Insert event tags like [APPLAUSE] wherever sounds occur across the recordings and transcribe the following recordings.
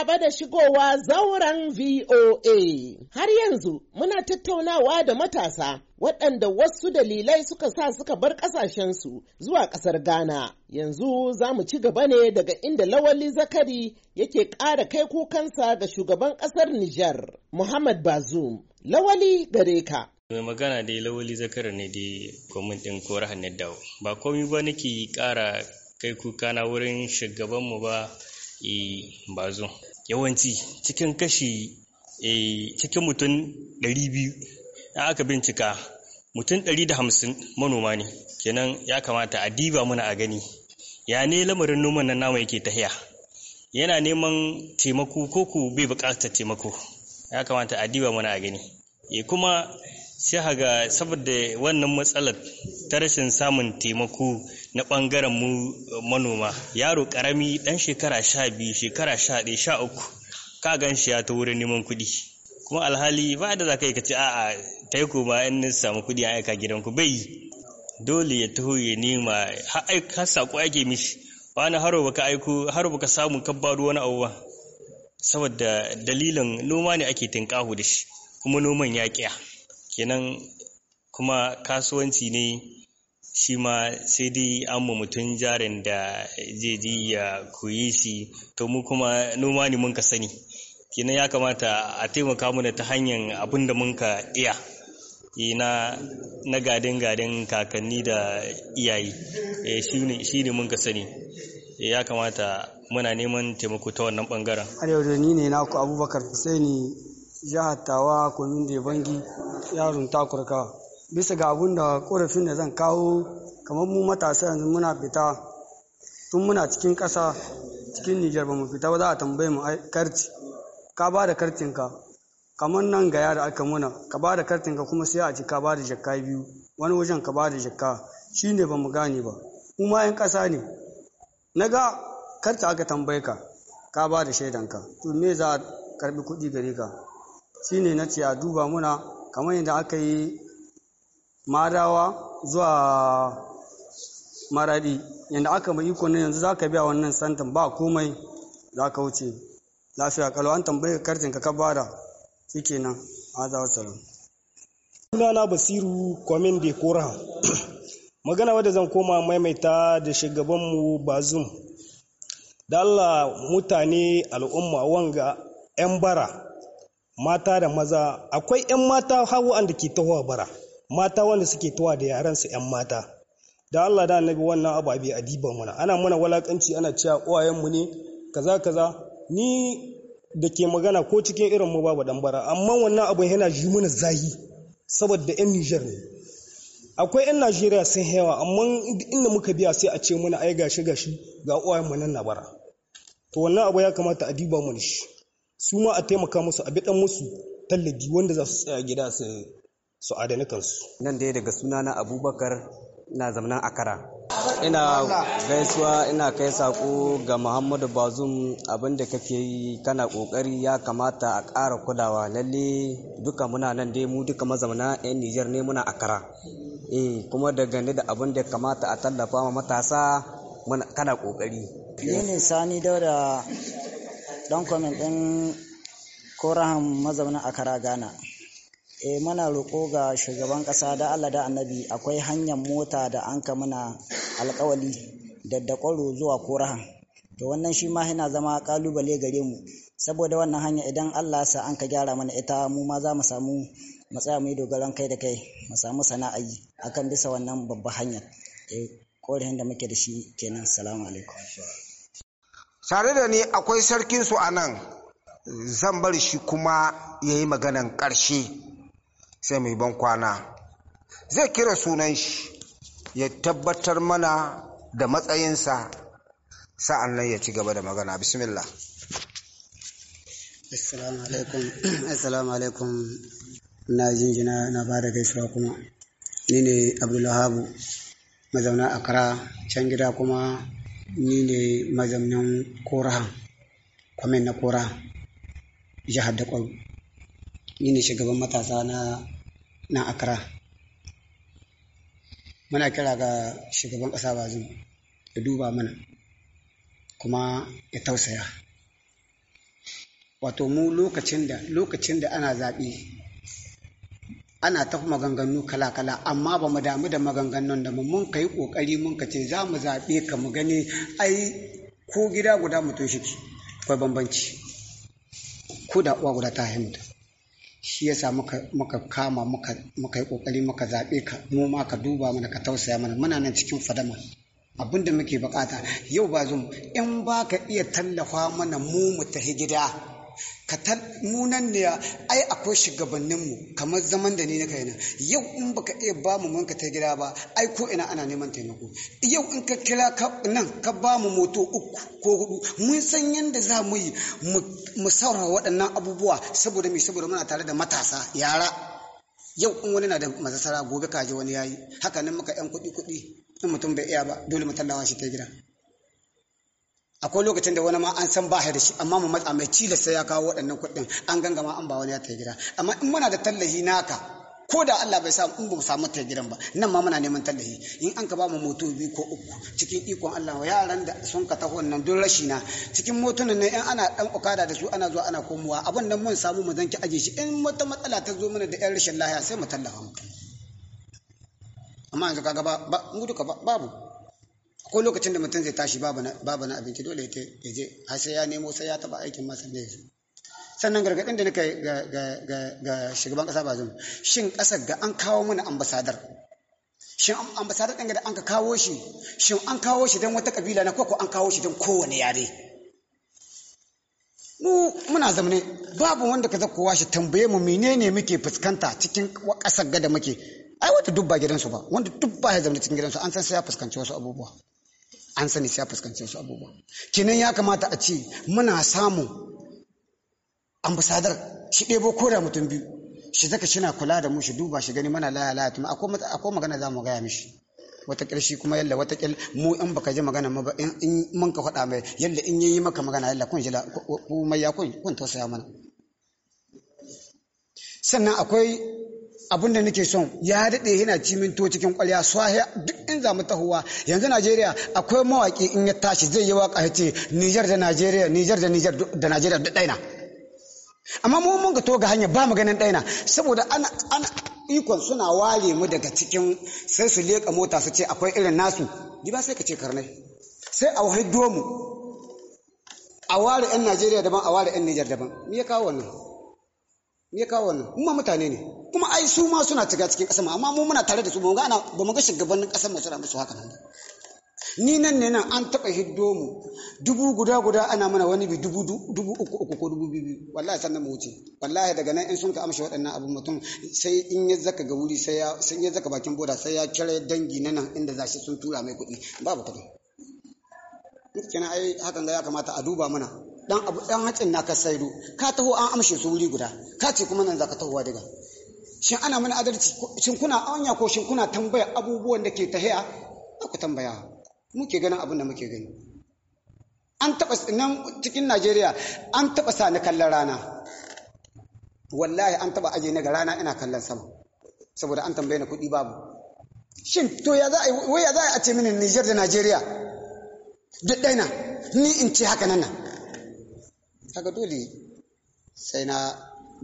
gaba da shigowa zauren VOA. Har yanzu muna tattaunawa da matasa waɗanda wasu dalilai suka sa suka bar ƙasashensu zuwa ƙasar Ghana. Yanzu za mu ci gaba ne daga inda Lawali Zakari yake ƙara kai kukansa ga shugaban ƙasar Nijar, Muhammad Bazoum. Lawali gare ka. mai magana dai lawali zakara ne dai kwamin ɗin kowar hannun dawo ba komi ba nake ƙara kai kuka na wurin shugabanmu ba e eh, bazo yawanci cikin kashi eh, cikin mutum 200 biyu aka bincika mutum ɗari da hamsin manoma ne kenan ya kamata a diba muna a gani ya ne lamarin noman nan nama yake tahiya yana neman taimako ko ku bai buƙatar taimako ya kamata a diba muna a gani e kuma sai haga saboda wannan matsalar ta rashin samun taimako na ɓangaren mu eh, manoma yaro ƙarami ɗan shekara sha biyu shekara sha ɗaya sha uku ka gan shi ya ta wurin neman kuɗi kuma alhali ba da za ka yi ka ce a'a taiko ba in samu kuɗi a aika ku. bai dole ya taho ya nema har saƙo ake mishi Ba na haro baka aiko haro baka samu kabbaru wani abu saboda dalilin noma ne ake tinkahu da shi kuma noman ya kiya kenan kuma kasuwanci ne shi ma sai dai an mu mutum jarin da zai ji ya koyi shi to mu kuma noma ne mun ka sani kenan ya kamata a taimaka mana ta hanyar abin da mun ka iya Ina eh, na gadin gadin kakanni da iyaye eh, shi ne mun ka sani eh, ya kamata muna neman taimako ta wannan bangaren arewa da ni ne naku abubakar husaini jihar tawa kwamin da bangi yaron takurkawa bisa ga abun da korafin da zan kawo kamar mu matasa yanzu muna fita tun muna cikin ƙasa cikin Nijar ba mu fita ba za a tambaye mu karti ka ba da kartinka kamar nan gaya da aka muna ka ba da kartinka kuma sai a ci ka ba da jakka biyu wani wajen ka ba da jakka shi ne ba mu gane ba mu ma 'yan ƙasa ne na ga karta aka tambaye ka ka ba da shaidanka to me za a karbi kuɗi gare ka shi ne na ce a duba muna kamar yadda aka yi madawa zuwa maradi yadda aka mai iko ne yanzu za ka biya wannan santan ba komai za ka wuce lafiya kalwa an tambaye kartin ka ka bada shikenan hada wasalam sunana basiru kwamin de kora magana wadda zan koma maimaita da shugabanmu bazum da allah mutane al'umma wanga 'yan bara mata da maza akwai 'yan mata hawa da ke tahowa bara mata wanda suke tuwa da yaran su yan mata da Allah da annabi wannan abu abi adiban mana ana mana walakanci ana cewa uwayen mu ne kaza kaza ni da ke magana ko cikin irin mu babu dan bara amma wannan abu yana ji mana zahi saboda yan Niger ne akwai yan Najeriya sun hewa amma inda muka biya sai a ce muna ai gashi gashi ga uwayen mu nan na bara to wannan abu ya kamata a diba mu shi su ma a taimaka musu a bi dan musu tallafi wanda za su tsaya gida su su adana kansu nan dai daga sunana abubakar ina a akara ina gaisuwa ina kai sako ga muhammadu bazum abinda kake yi kana kokari ya kamata a ƙara kulawa lalle duka muna nan dai mu duka mazauna 'yan nijar ne muna akara eh kuma da gani da abin da kamata a tallafa ma matasa kana kokari ne sani dauda dan kwamin din korahan mazaunin akara ghana eh muna roƙo ga shugaban ƙasa da Allah da annabi akwai hanyar mota da an ka muna alƙawali da kwaro zuwa korahan to wannan shi ma yana zama ƙalubale gare mu saboda wannan hanya idan Allah sa an ka gyara mana ita mu ma za mu samu matsaya mai dogaron kai da kai mu samu sana'a yi akan bisa wannan babban hanyar eh ƙorin da muke da shi kenan salamu alaikum tare da ni akwai sarkin su anan zan bar shi kuma yayi maganan ƙarshe sai mai ban kwana zai kira sunan shi ya tabbatar mana da matsayinsa sa'an nan ya ci gaba da magana bismillah assalamu alaikum [CLEARS THROAT] assalamu alaikum na jinjina na ba da gaisuwa kuma ni ne abdullahabu mazauna akara can gida kuma ni ne mazaunin korahan kwamin na kora jihar da ni ne shugaban matasa na na akra muna kira ga shugaban ƙasa bazin ya duba mana kuma ya tausaya wato mu lokacin da lokacin da ana zaɓe ana ta maganganu kala-kala amma ba mu damu da maganganun da mun kai kokari mun ka ce za mu zaɓe ka mu gani ai ko gida guda mutum shi akwai bambanci ko da uwa guda ta himta shi yasa muka kama muka yi kokari muka zaɓe ka mu ma ka duba mana ka tausaya mana muna nan cikin fadama abinda muke bukata yau ba zum in ba ka iya tallafa mana mu mu tafi gida Ka ta munan ne ai akwai shugabanninmu kamar zaman da ni na kai yau in baka iya ba mu manka ta gida ba ai ko ina ana neman taimako yau in ka kira nan ka ba mu moto uku ko hudu mun san yadda za mu yi mu waɗannan abubuwa saboda me saboda muna tare da matasa yara yau in wani na da masasara gobe kaji wani yayi haka nan muka yan kuɗi kuɗi in mutum bai iya ba dole mu tallawa shi ta gida akwai lokacin da wani ma an san ba da shi amma mu matsa mai tilasta ya kawo waɗannan kuɗin an gangama an ba wani ya ta gida amma in muna da tallahi naka ko da Allah bai samu in ba mu samu ta gidan ba nan ma muna neman tallafi in an ka ba mu moto biyu ko uku cikin ikon Allah wa yaran da sun ka taho nan don rashi na cikin motunan ne in ana dan okada da su ana zuwa ana komowa abin nan mun samu mu zanki aje shi in wata matsala ta zo mana da yan rashin lahiya sai mu tallafa mu amma yanzu kaga ba mu duka babu ko lokacin da mutum zai tashi babu na abinci dole ya je har sai ya nemo sai ya taba aikin masa ne sannan gargaɗin da nika ga shugaban ƙasa ba zan shin ƙasar ga an kawo mana ambasadar shin ambasadar ɗin da an ka kawo shi shin an kawo shi don wata ƙabila na koko an kawo shi don kowane yare mu muna zamane babu wanda ka zakowa shi tambaye mu menene muke fuskanta cikin ƙasar gada muke ai wata dubba gidansu ba wanda dubba ya zamane cikin gidansu an san sai ya fuskanci wasu abubuwa an sani sai fuskanci wasu abubuwa kinan ya kamata a ce muna samun ambasadar shi ɗebo da mutum biyu shi zaka shi na kula da mu shi duba shi gani mana laya laya tuma akwai magana za mu gaya mishi wata ƙarshe kuma yalla wata ƙil mu in baka ji magana ma in mun ka faɗa mai yalla in yayi maka magana yalla kun ji kuma ya kun kun tausaya mana sannan akwai abin da nake son ya daɗe yana ciminto cikin kwalya swahiya duk in za mu tahowa yanzu najeriya akwai mawaƙi in ya tashi zai yi waka ya ce nijar da najeriya nijar da nijar da najeriya duk ɗaina amma mu mun ga toga hanya ba mu ganin ɗaina saboda ana ana ikon suna ware mu daga cikin sai su leƙa mota su ce akwai irin nasu ni ba sai ka ce karnai sai a wahai domu a ware 'yan najeriya daban a ware 'yan nijar daban me ya kawo wannan me kawo wannan mu ma mutane ne kuma ai su ma suna shiga cikin ƙasar amma mu muna tare da su ba mu ga shugabannin ƙasar mu suna musu haka nan ni nan ne nan an taɓa hiddo mu dubu guda guda ana mana wani bi dubu dubu uku uku ko dubu biyu wallahi sannan mu wuce wallahi daga nan in sun ka amshi waɗannan abun mutum sai in ya zaka ga wuri sai ya sai ya zaka bakin boda sai ya kira dangi na nan inda zashi sun tura mai kuɗi babu kuɗi kina ai hakan ga ya kamata a duba mana dan abu dan hatsin na ka saido ka taho an amshe su wuri guda ka ce kuma nan zaka tahowa daga shin ana mana adalci shin kuna anya ko shin kuna tambaya abubuwan da ke tahiya ku tambaya muke ganin abin da muke gani an taba nan cikin Najeriya an taba sa ni kallon rana wallahi an taba aje ni ga rana ina kallon sama saboda an tambaye ni kuɗi babu shin to ya za a wai ya za a ce mini Niger da Najeriya duk ɗaya ni in ce haka nan kaga dole sai na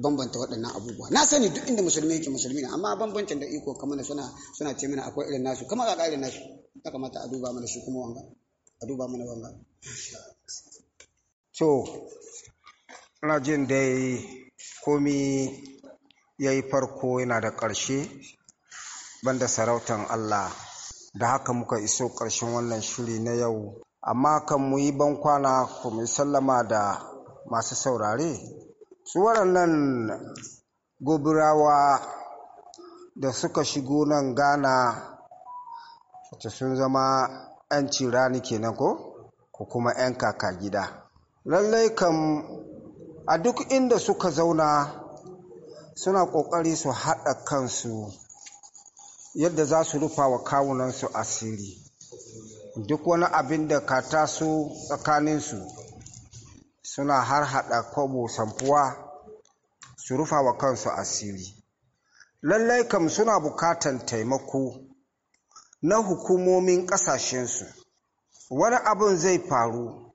bambanta waɗannan abubuwa na sani duk inda musulmi yake musulmi ne amma bambancin da iko kamar suna suna ce mana akwai irin nasu kamar ga irin nasu ya kamata a duba mana shi kuma wanga a duba mana wanga so ina jin dai komi ya yi farko yana da ƙarshe banda sarautan Allah da haka muka iso ƙarshen wannan shiri na yau amma kan mu yi bankwana ku mu sallama da masu saurare su waɗannan gobirawa da suka shigo nan ghana wacce sun zama 'yan ni kenan ko ko kuma 'yan kaka gida lallai kam a duk inda suka zauna suna ƙoƙari su haɗa kansu yadda za su rufa wa kawunansu asiri duk wani abin da ka taso tsakaninsu suna har harhaɗa kwabo samfuwa su rufa wa kansu asiri lallai kam suna bukatan taimako na hukumomin ƙasashensu wani abin zai faru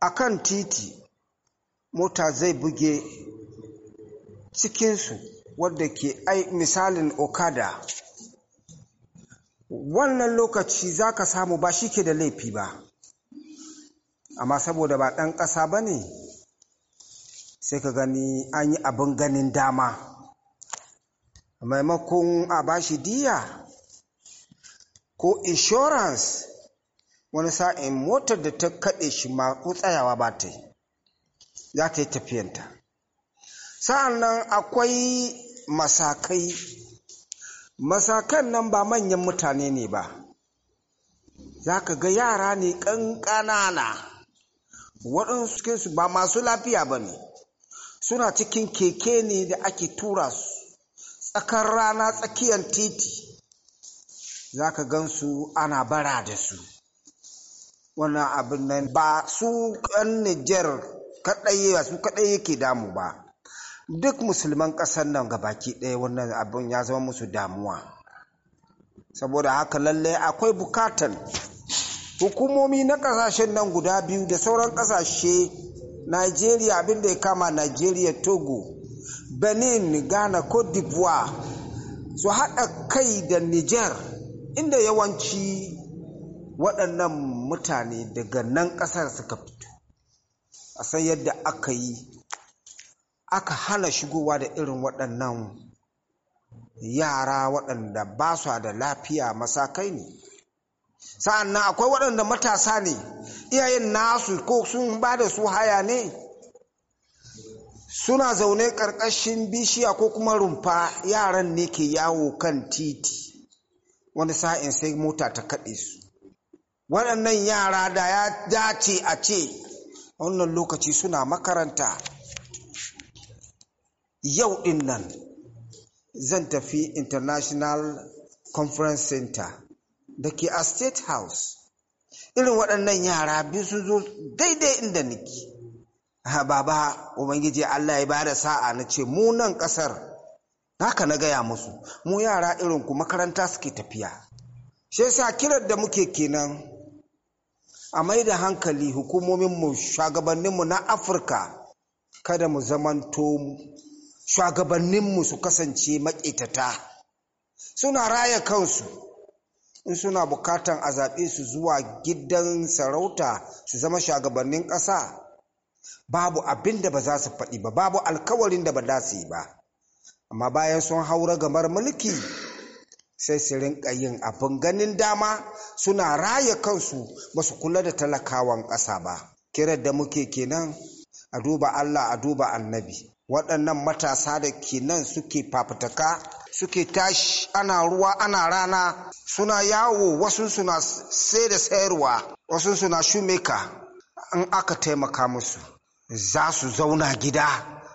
a kan titi mota zai buge cikinsu wadda ke ai misalin okada wannan lokaci za ka samu ba shi ke da laifi ba amma saboda ba ɗan ƙasa ba ne sai ka gani an yi abin ganin dama maimakon a bashi diya ko insurance wani sa'in motar da ta kaɗe shi ma tsayawa ba ta yi za ta yi tafiyanta sa'an nan akwai masakai masakan nan ba manyan mutane ne ba za ka ga yara ne ƙanƙanana waɗansu su ba masu lafiya ba ne suna cikin keke ne da ake tura su tsakar rana tsakiyar titi za ka gansu ana bara da su wannan abin nan ba su ɗan Nijar kaɗai ba su kaɗai yake damu ba duk musulman ƙasar nan ga baki ɗaya wannan abin ya zama musu damuwa saboda haka lallai akwai bukatan hukumomi na kasashen nan guda biyu da sauran kasashe nigeria abinda ya kama nigeria togo benin ghana cote d'ivoire su hada haɗa kai da niger inda yawanci waɗannan mutane daga nan ƙasar suka fito a san yadda aka yi aka hana shigowa da irin waɗannan yara waɗanda ba su da lafiya masakai ne sa'an nan akwai waɗanda matasa ne iyayen nasu ko sun ba da su haya ne suna zaune ƙarƙashin bishiya ko kuma rumfa yaran ne ke yawo kan titi wani sa'in sai mota ta kaɗe su waɗannan yara da ya dace a ce wannan lokaci suna makaranta yau ɗin nan zan tafi international conference center da ke a state house irin waɗannan yara biyu sun zo daidai inda niki baba ubangiji allah ya ba da sa'a na ce mu nan ƙasar haka na gaya musu mu yara irin ku makaranta suke tafiya shi sa kiran da muke kenan a mai da hankali mu shugabanninmu na afirka kada mu zamanto shugabanninmu su kasance maƙetata suna raya kansu in suna bukatan a zaɓe su zuwa gidan sarauta su zama shagabannin ƙasa babu abin da ba za su faɗi ba babu alkawarin da ba za su yi ba amma bayan sun haura gamar mulki sai su rinka yin abin ganin dama suna raya kansu ba su kula da talakawan ƙasa ba kiran da muke kenan a duba allah a duba annabi waɗannan matasa da kenan suke fafutaka suke tashi ana ruwa ana rana suna yawo wasu suna sai da sayarwa wasu suna shumeka in aka taimaka musu za su zauna gida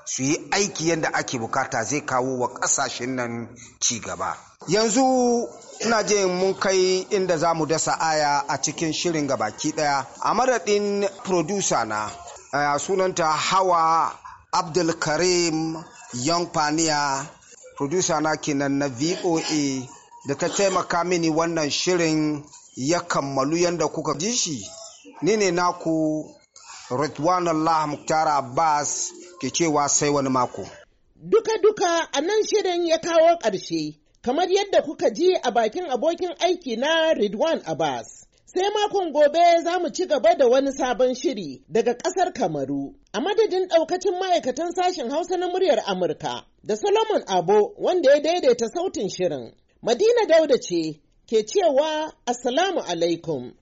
su yi aiki yadda ake bukata zai kawo wa ƙasashen nan ci gaba yanzu ina je mun kai inda za mu dasa aya a cikin shirin gabaki daya a madadin producer na eh, sunanta hawa abdulkarim Yanfaniya. producer na kenan na VOA da ta taimaka mini wannan shirin ya kammalu yadda kuka ji shi ni ne naku Ritwan Allah Muktar Abbas ke cewa sai wani mako. Duka-duka a nan shirin ya kawo ƙarshe, kamar yadda kuka ji a bakin abokin aiki na Ridwan Abbas. Sai makon gobe za mu ci gaba da wani sabon shiri daga ƙasar Kamaru. A madadin ɗaukacin ma'aikatan sashen Hausa na muryar Amurka da Solomon Abo wanda ya daidaita sautin shirin. Madina Dauda ce ke cewa Assalamu alaikum.